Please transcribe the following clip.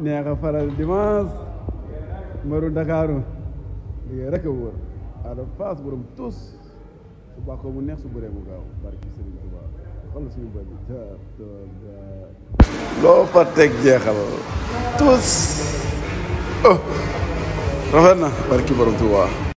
neex a faral dimanche maru ndakaaru liggéey rek a wóor Ada tus su bàkkoo mu neex su bëree mu gaaw barki Sëriñ Tuubaa xool suñu bëri jaar toog loo fa teg jeexal tus oh rafet na barki borom